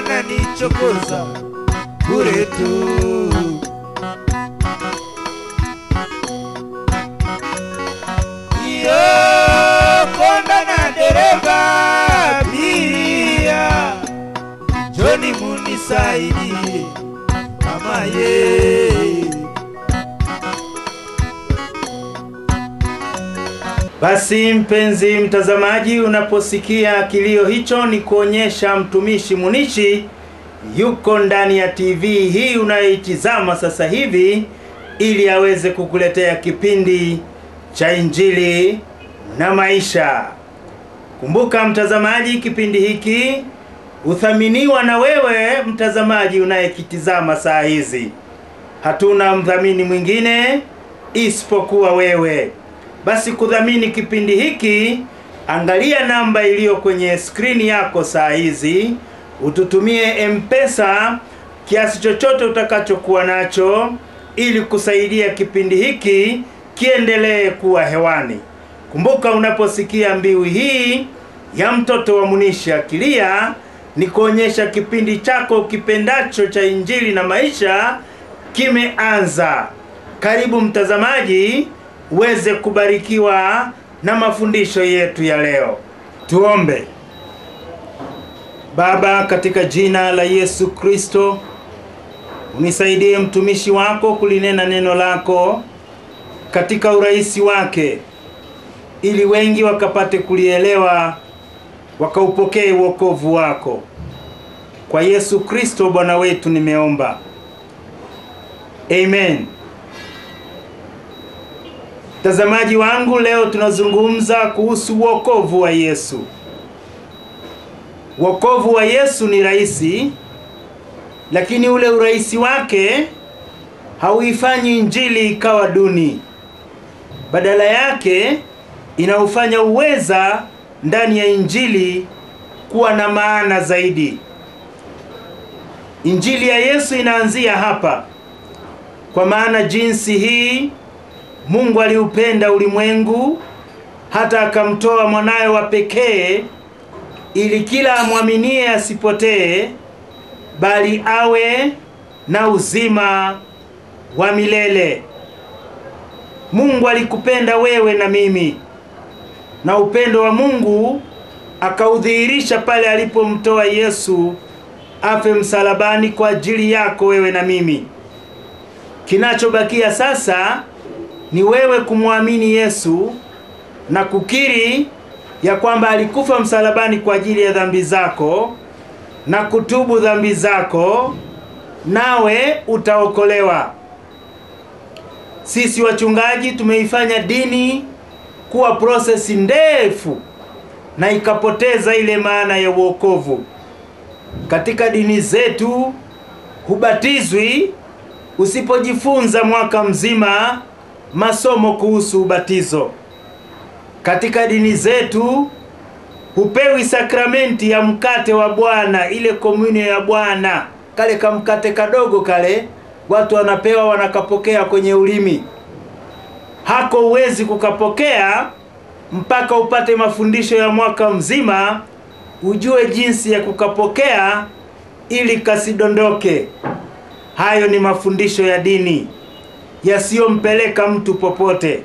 wananichokoza bure tu iyo konda na dereva abiria joni munisaidie mama yee Basi mpenzi mtazamaji, unaposikia kilio hicho, ni kuonyesha mtumishi Munishi yuko ndani ya TV hii unayoitizama sasa hivi, ili aweze kukuletea kipindi cha Injili na Maisha. Kumbuka mtazamaji, kipindi hiki uthaminiwa na wewe mtazamaji unayekitizama saa hizi. Hatuna mdhamini mwingine isipokuwa wewe basi kudhamini kipindi hiki, angalia namba iliyo kwenye skrini yako saa hizi, ututumie Mpesa kiasi chochote utakachokuwa nacho ili kusaidia kipindi hiki kiendelee kuwa hewani. Kumbuka, unaposikia mbiu hii ya mtoto wa munishi akilia ni kuonyesha kipindi chako kipendacho cha Injili na Maisha kimeanza. Karibu mtazamaji uweze kubarikiwa na mafundisho yetu ya leo. Tuombe. Baba, katika jina la Yesu Kristo, unisaidie mtumishi wako kulinena neno lako katika urahisi wake, ili wengi wakapate kulielewa, wakaupokee wokovu wako. Kwa Yesu Kristo Bwana wetu nimeomba, amen. Mtazamaji wangu, leo tunazungumza kuhusu wokovu wa Yesu. Wokovu wa Yesu ni rahisi, lakini ule urahisi wake hauifanyi injili ikawa duni, badala yake inaufanya uweza ndani ya injili kuwa na maana zaidi. Injili ya Yesu inaanzia hapa, kwa maana jinsi hii Mungu aliupenda ulimwengu hata akamtoa mwanaye wa pekee ili kila amwaminie asipotee bali awe na uzima wa milele. Mungu alikupenda wewe na mimi, na upendo wa Mungu akaudhihirisha pale alipomtoa Yesu afe msalabani kwa ajili yako wewe na mimi. Kinachobakia sasa ni wewe kumwamini Yesu na kukiri ya kwamba alikufa msalabani kwa ajili ya dhambi zako na kutubu dhambi zako, nawe utaokolewa. Sisi wachungaji tumeifanya dini kuwa prosesi ndefu na ikapoteza ile maana ya uokovu. Katika dini zetu hubatizwi usipojifunza mwaka mzima masomo kuhusu ubatizo. Katika dini zetu hupewi sakramenti ya mkate wa Bwana, ile komunio ya Bwana, kale kamkate kadogo kale watu wanapewa wanakapokea kwenye ulimi. Hako uwezi kukapokea mpaka upate mafundisho ya mwaka mzima, ujue jinsi ya kukapokea ili kasidondoke. Hayo ni mafundisho ya dini yasiyompeleka mtu popote,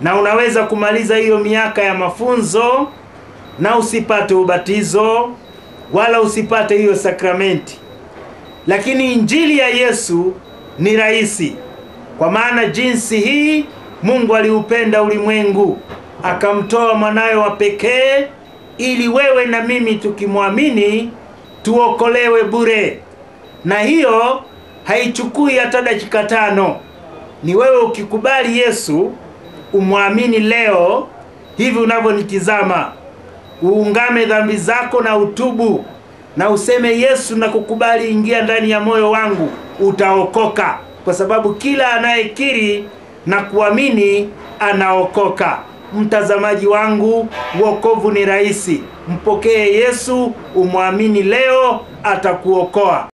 na unaweza kumaliza hiyo miaka ya mafunzo na usipate ubatizo wala usipate hiyo sakramenti. Lakini injili ya Yesu ni rahisi, kwa maana jinsi hii Mungu aliupenda ulimwengu akamtoa mwanawe wa pekee, ili wewe na mimi tukimwamini tuokolewe bure, na hiyo haichukui hata dakika tano ni wewe ukikubali Yesu umwamini leo hivi unavyonitizama, uungame dhambi zako na utubu na useme Yesu, na kukubali ingia ndani ya moyo wangu, utaokoka, kwa sababu kila anayekiri na kuamini anaokoka. Mtazamaji wangu, wokovu ni rahisi. Mpokee Yesu, umwamini leo, atakuokoa.